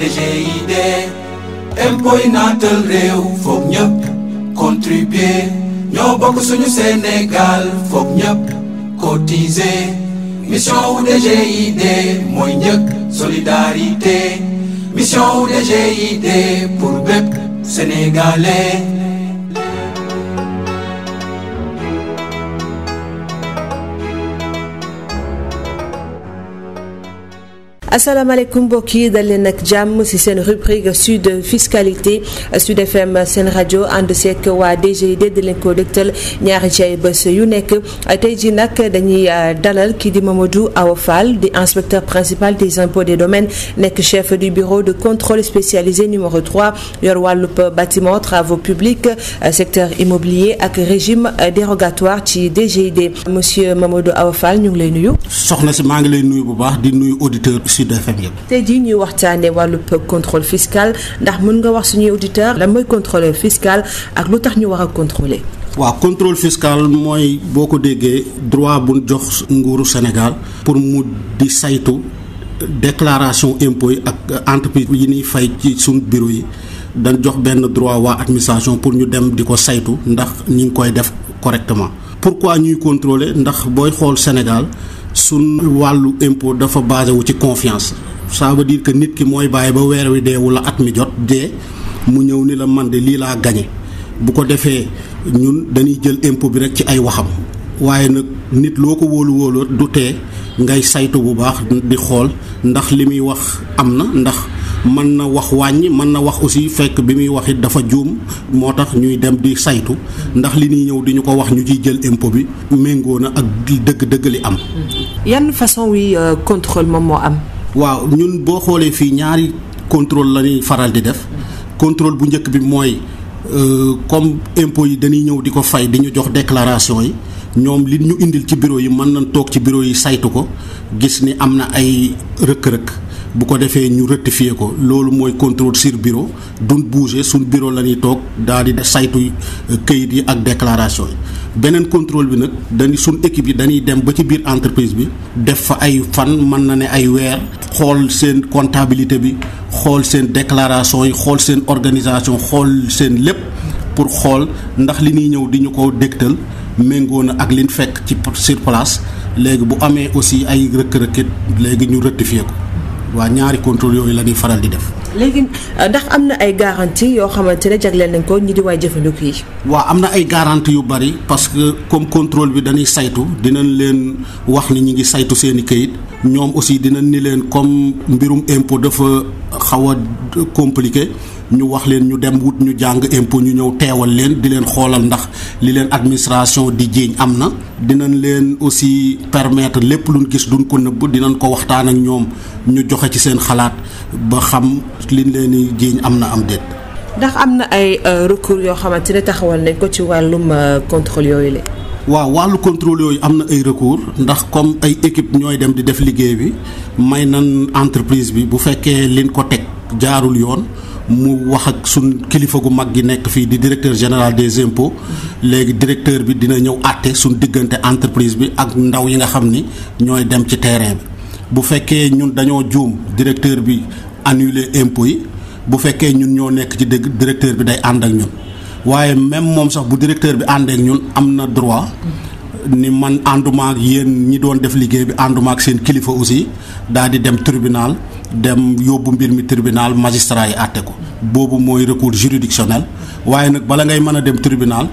DGID impôt yi naatal réew foog ñëpp contribuer ñoo bokk suñu Sénégal foog ñëpp cotiser mission wu DGID mooy njëkk solidarité mission wu DGID pour Assalamu alaikum. Boki dal leen jam rubrique sud fiscalité sud fm Sen Radio. En seek waa DGID di DGID de dégtal ñaari ci ay bés yu nekk euh, dalal di Mamadou inspecteur principal des impôts des domaines Nek chef du bureau de contrôle spécialisé numéro 3 Yorwalup bâtiment travaux publics euh, secteur immobilier ak régime euh, dérogatoire ci DGID monsieur Mamadou Aofal, nous ñu ngi lay nuyu soxna auditeur Sud FM yëpp. tey jii ñuy contrôle fiscal ndax mën nga wax suñuy auditeurs lan mooy contrôle fiscal ak lu tax ñu war contrôler. contrôle fiscal moi, beaucoup de droit bu jox Sénégal pour mu di saytu déclaration impôts yi ak entreprise yi ñuy fay ci bureau yi dañ jox droit waa administration pour ñu dem diko saytu ndax ñing koy def correctement. pourquoi ñuy contrôler ndax boy xol Sénégal. sun wàllu impôt dafa basé ci confiance ça veut dire que nit ki mooy bàyyi ba weer wi dee wala at mi jot dee mu ñëw ni la man de lii laa gañe bu ko defee ñun dañuy jël impôt bi rek ci ay waxam waaye nag nit loo ko wóolu wóolu du tee ngay saytu bu baax di xool ndax li muy wax am na ndax mën na wax wàññi mën na wax aussi fekk bi muy wax dafa juum moo tax ñuy dem di saytu ndax li ñuy ñëw di ñu ko wax ñu ci jël impôt bi méngoo na ak dëgg-dëgg li am. yan façon wi euh, contrôle moom moo am. waaw ñun boo xoolee fii ñaari contrôle lañuy faral di def contrôle bu njëkk bi mooy euh, comme impôt yi dañuy ñëw di ko fay di ñu jox déclaration yi. ñoom li ñu indil ci bureau yi mën nañ toog ci biro yi saytu ko gis ni am na ay rëkk-rëkk bu ko defee ñu rectifier ko loolu mooy contrôle sur bureau duñ bouger suñ bureau la ñuy toog daal di saytu euh, këyit yi ak déclaration yi beneen contrôle bi nag dañuy suñ équipe yi dañuy dem ba ci biir entreprise bi def fa ay fan mën na ne ay weer xool seen comptabilité bi xool seen déclaration yi xool seen organisation xool seen lépp pour xool ndax li ñuy ñëw di ñu ko dégtal méngoo na ak liñ fekk ci sur place léegi bu amee aussi ay rëkk-rëkkit léegi ñu rectifier ko waa ñaari contrôle yooyu la ñuy faral di def. léegi euh, ndax am na ay garantie yoo xamante ne jagleel nañ ko ñi di waay jëfandiku yi. waaw am na ay garantie yu bari parce que comme contrôle bi dañuy saytu dinañ leen wax ni ñu ngi saytu seen i kayit ñoom aussi dina ni leen comme mbirum impôt dafa xaw a ñu wax leen ñu dem wut ñu jàng impôt ñu ñëw teewal leen di leen xoolal ndax li leen administration di jiiñ am na dinañ leen aussi permettre lépp luñ gis duñ ko nëbb dinañ ko waxtaan ak ñoom ñu joxe ci seen xalaat ba xam liñ leen di jiiñ am na am déet. ndax am na ay euh, recours yoo xamante ne taxawal nañ ko ci wàllum euh, contrôle yooyu la. waaw wàllu contrôle yooyu am na ay recours ndax comme ay équipe ñooy dem di def liggéey bi may nan entreprise bi bu fekkee liñ ko jaarul yoon. mu wax ak suñ kilifa gu mag gi nekk fii di directeur général des impôts léegi directeur bi dina ñëw àtte suñ diggante entreprise bi ak ndaw yi nga xam ni ñooy dem ci terrain bi bu fekkee ñun dañoo juum directeur bi annuler impôts yi bu fekkee ñun ñoo nekk ci dëgg directeur bi day ànd ak ñun waaye même moom sax bu directeur bi àndeek ñun am na droit ni man ànduma ak yéen ñi doon def liggéey bi ànduma ak seen kilifa aussi daal di dem tribunal dem yóbbu mbir mi tribunal magistrat yi àtte ko boobu mooy recours juridictionnel waaye nag bala ngay mën a dem tribunal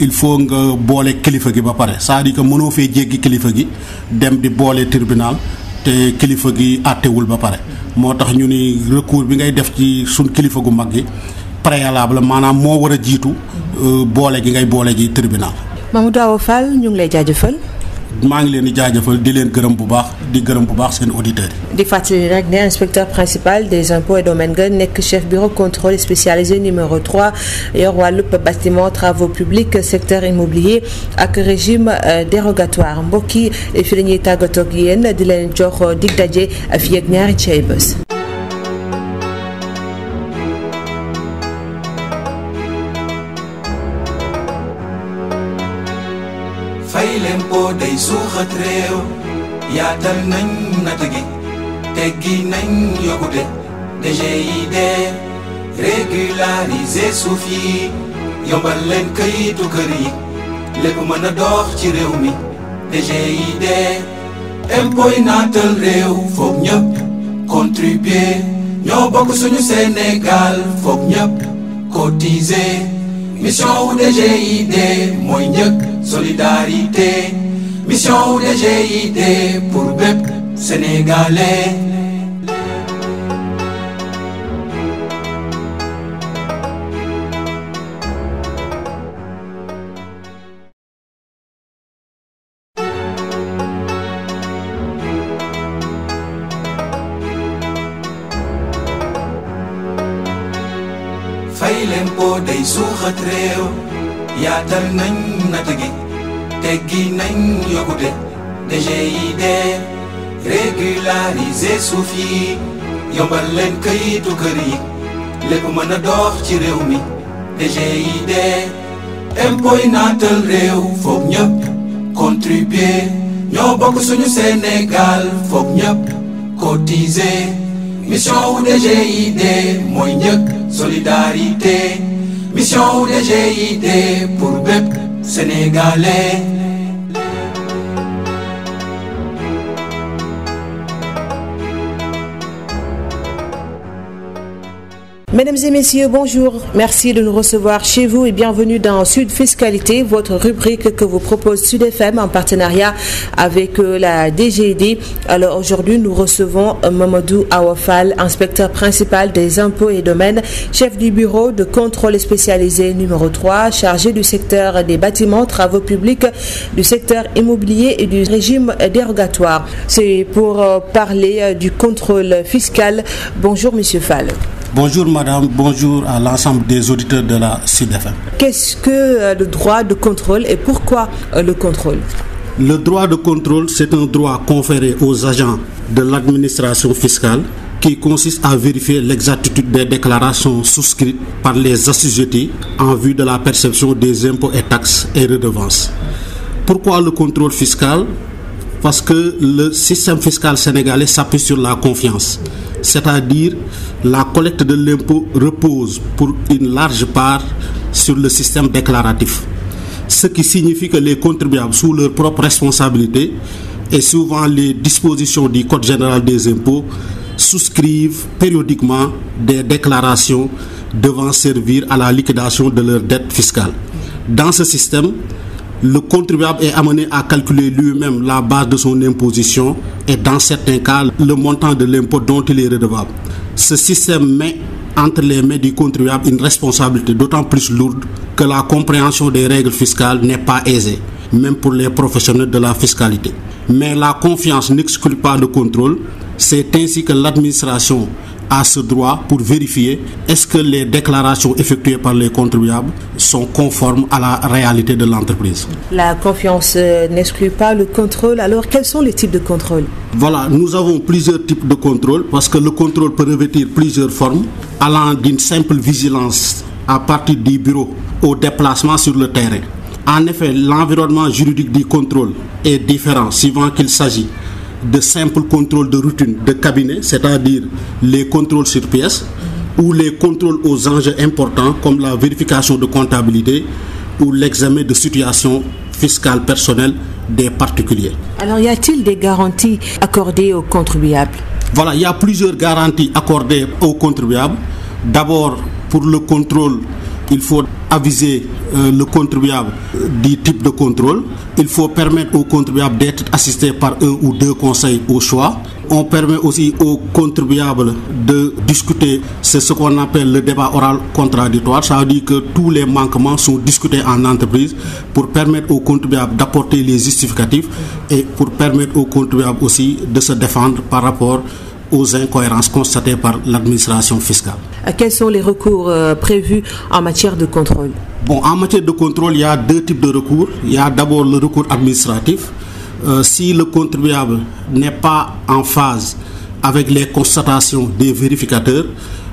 il faut nga boole kilifa gi ba pare c'est-à-dire mënoo fee jéggi kilifa gi dem di boole tribunal te kilifa gi àttewul ba pare moo tax ñu ni recours bi ngay def ci suñ kilifa gu mag gi préalable maanaam moo war a jiitu euh, boole gi ngay boole ji tribunal. Mamadou Awa Fall ñu ngi lay jaajëfal. maa ngi leen inspecteur principal des impôts et domaines nekk chef bureau contrôle spécialisé numéro 3 yor bâtiment travaux publics secteur immobilier ak régime euh, dérogatoire mbokki fi la di jox euh, dig booloo day suuxat réew yaatal nañ natt gi teggi nañ yokkute DGID régulariser suuf yi yombal leen këyitu kër yi lépp mën a dox ci réew mi DGID impôt yi naatal réew foog ñëpp contribuer ñoo bokk suñu Sénégal foog ñëpp cotiser mission wu DGID mooy njëkk solidarité Mission de DGID pour BEP sénégalais. fay leen po day suuxat y a yaatal nañ natt gi teggi nañ yokkute DGID régulariser suuf yi yombal leen këyitu kër yi lépp mën a dox ci réew mi DGID impôt yi naatal réew foog ñëpp contribuer ñoo bokk suñu Sénégal foog ñëpp cotiser mission wu DGID mooy njëkk solidarité mission wu DGID pour bépp Sénégalais Mesdames et messieurs, bonjour. Merci de nous recevoir chez vous et bienvenue dans Sud Fiscalité, votre rubrique que vous propose Sud FM en partenariat avec euh, la DGD. Alors aujourd'hui, nous recevons euh, Mamadou Awafal, inspecteur principal des impôts et domaines, chef du bureau de contrôle spécialisé numéro 3, chargé du secteur des bâtiments, travaux publics, du secteur immobilier et du régime dérogatoire. C'est pour euh, parler du contrôle fiscal. Bonjour, monsieur Fall. Bonjour, madame, bonjour à l'ensemble des auditeurs de la CIDFM. Qu'est-ce que euh, le droit de contrôle et pourquoi euh, le contrôle Le droit de contrôle, c'est un droit conféré aux agents de l'administration fiscale qui consiste à vérifier l'exactitude des déclarations souscrites par les assujettis en vue de la perception des impôts et taxes et redevances. Pourquoi le contrôle fiscal parce que le système fiscal sénégalais s'appuie sur la confiance. C'est-à-dire la collecte de l'impôt repose pour une large part sur le système déclaratif. Ce qui signifie que les contribuables, sous leur propre responsabilité et souvent les dispositions du Code général des impôts, souscrivent périodiquement des déclarations devant servir à la liquidation de leur dette fiscale. Dans ce système, le contribuable est amené à calculer lui-même la base de son imposition et dans certains cas le montant de l'impôt dont il est redevable. Ce système met entre les mains du contribuable une responsabilité d'autant plus lourde que la compréhension des règles fiscales n'est pas aisée, même pour les professionnels de la fiscalité. Mais la confiance n'exclut pas le contrôle. C'est ainsi que l'administration à ce droit pour vérifier est-ce que les déclarations effectuées par les contribuables sont conformes à la réalité de l'entreprise. La confiance euh, n'exclut pas le contrôle. Alors, quels sont les types de contrôle Voilà, nous avons plusieurs types de contrôle parce que le contrôle peut revêtir plusieurs formes, allant d'une simple vigilance à partir du bureau au déplacement sur le terrain. En effet, l'environnement juridique du contrôle est différent suivant qu'il s'agit de simples contrôles de routine de cabinet, c'est-à-dire les contrôles sur pièce, ou les contrôles aux enjeux importants comme la vérification de comptabilité ou l'examen de situation fiscale personnelle des particuliers. Alors y a-t-il des garanties accordées aux contribuables Voilà, il y a plusieurs garanties accordées aux contribuables. D'abord pour le contrôle il faut aviser euh, le contribuable du type de contrôle. Il faut permettre au contribuable d'être assisté par un ou deux conseils au choix. On permet aussi aux contribuables de discuter, c'est ce qu'on appelle le débat oral contradictoire, ça veut dire que tous les manquements sont discutés en entreprise pour permettre aux contribuables d'apporter les justificatifs et pour permettre aux contribuables aussi de se défendre par rapport aux incohérences constatées par l'administration fiscale. Euh, quels sont les recours euh, prévus en matière de contrôle Bon, en matière de contrôle, il y a deux types de recours. Il y a d'abord le recours administratif. Euh, si le contribuable n'est pas en phase avec les constatations des vérificateurs,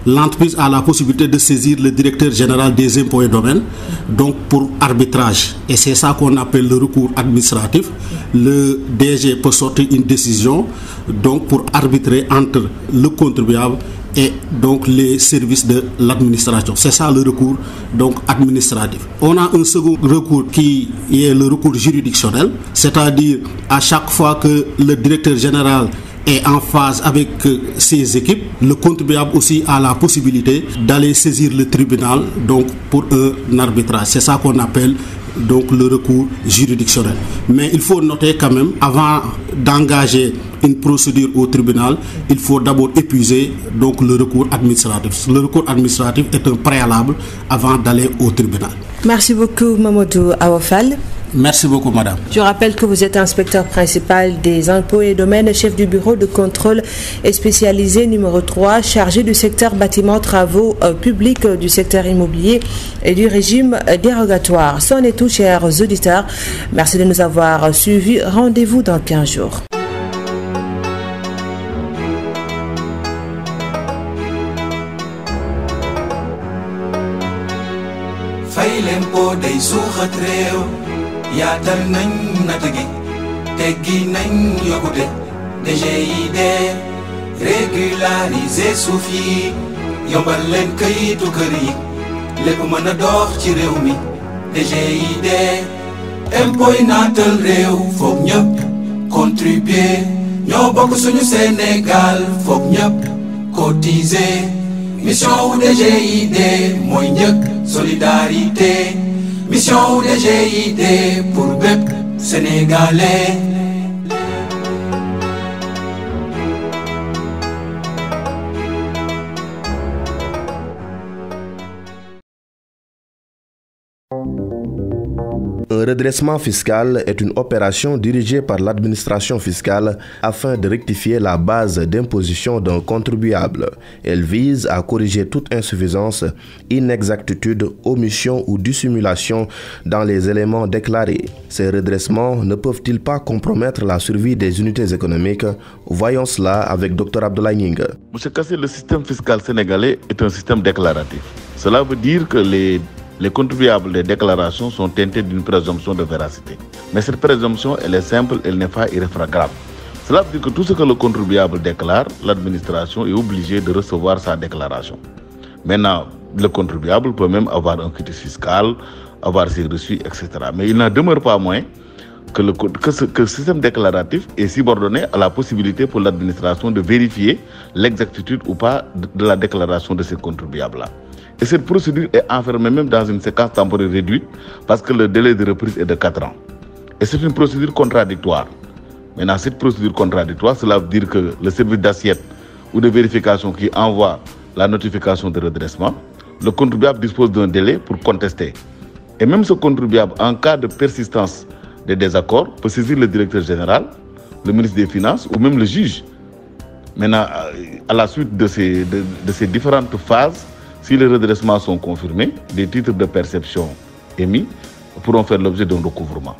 l'entreprise a la possibilité de saisir le directeur général des impôts et domaines, donc pour arbitrage. Et c'est ça qu'on appelle le recours administratif. Le DG peut sortir une décision donc pour arbitrer entre le contribuable et donc les services de l'administration. C'est ça le recours donc administratif. On a un second recours qui est le recours juridictionnel, c'est-à-dire à chaque fois que le directeur général et en phase avec euh, ses équipes, le contribuable aussi a la possibilité d'aller saisir le tribunal donc pour un arbitrage. C'est ça qu'on appelle donc le recours juridictionnel. Mais il faut noter quand même, avant d'engager une procédure au tribunal, il faut d'abord épuiser donc le recours administratif. Le recours administratif est un préalable avant d'aller au tribunal. Merci beaucoup Mamadou Awafal. Merci beaucoup, madame. Je rappelle que vous êtes inspecteur principal des impôts et domaines, chef du bureau de contrôle et spécialisé numéro 3, chargé du secteur bâtiment, travaux euh, publics, euh, du secteur immobilier et du régime dérogatoire. C'en est tout, chers auditeurs. Merci de nous avoir suivis. Rendez-vous dans 15 jours. l'impôt des yaatal nañ natt gi teggi nañ yokkute DGID régulariser suuf yi yombal leen këyitu kër yi lépp mën a dox ci réew mi DGID impôt yi naatal réew foog ñëpp contribuer ñoo bokk suñu Sénégal foog ñëpp cotiser mission wu DGID mooy njëkk solidarité mission wu DGID pour bépp sénégalais. Un redressement fiscal est une opération dirigée par l'administration fiscale afin de rectifier la base d'imposition d'un contribuable. Elle vise à corriger toute insuffisance, inexactitude, omission ou dissimulation dans les éléments déclarés. Ces redressements ne peuvent-ils pas compromettre la survie des unités économiques Voyons cela avec Dr Abdoulaye Ning. Monsieur Kassé, le système fiscal sénégalais est un système déclaratif. Cela veut dire que les les contribuables les déclarations sont teintées d'une présomption de véracité. Mais cette présomption, elle est simple, elle n'est pas irréfragable. Cela veut dire que tout ce que le contribuable déclare, l'administration est obligée de recevoir sa déclaration. Maintenant, le contribuable peut même avoir un quitus fiscal, avoir ses reçus, etc. Mais il n'en demeure pas moins que le, que le système déclaratif est subordonné à la possibilité pour l'administration de vérifier l'exactitude ou pas de la déclaration de ces contribuables-là. Et cette procédure est enfermée même dans une séquence temporelle réduite parce que le délai de reprise est de 4 ans. Et c'est une procédure contradictoire. Maintenant, cette procédure contradictoire, cela veut dire que le service d'assiette ou de vérification qui envoie la notification de redressement, le contribuable dispose d'un délai pour contester. Et même ce contribuable, en cas de persistance des désaccords, peut saisir le directeur général, le ministre des Finances ou même le juge. Maintenant, à la suite de ces, de ces différentes phases, si les redressements sont confirmés, les titres de perception émis pourront faire l'objet d'un recouvrement.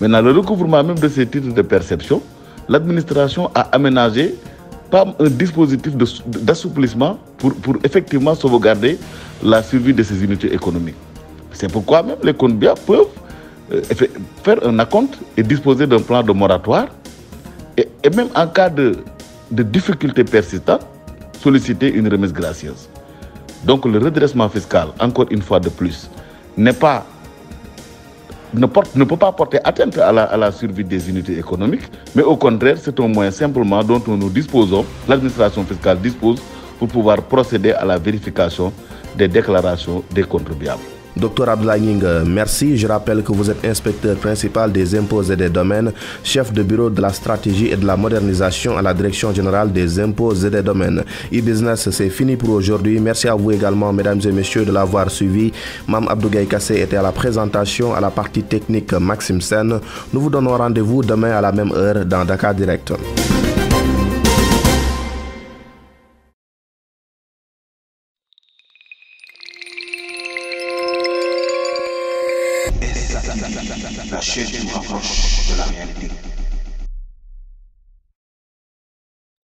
Maintenant, le recouvrement même de ces titres de perception, l'administration a aménagé par un dispositif d'assouplissement pour, effectivement sauvegarder la survie de ces unités économiques. C'est pourquoi même les comptes peuvent euh, faire un acompte et disposer d'un plan de moratoire et, même en cas de, de difficultés persistantes, solliciter une remise gracieuse. Donc le redressement fiscal, encore une fois de plus, n'est pas ne, porte, ne, peut pas porter atteinte à la, à la, survie des unités économiques, mais au contraire, c'est un moyen simplement dont nous disposons, l'administration fiscale dispose, pour pouvoir procéder à la vérification des déclarations des contribuables. Docteur Abdelagning, merci. Je rappelle que vous êtes inspecteur principal des impôts et des domaines, chef de bureau de la stratégie et de la modernisation à la direction générale des impôts et des domaines. E-Business, c'est fini pour aujourd'hui. Merci à vous également, mesdames et messieurs, de l'avoir suivi. Mme Abdou Kassé était à la présentation, à la partie technique Maxime Sen. Nous vous donnons rendez-vous demain à la même heure dans Dakar Direct.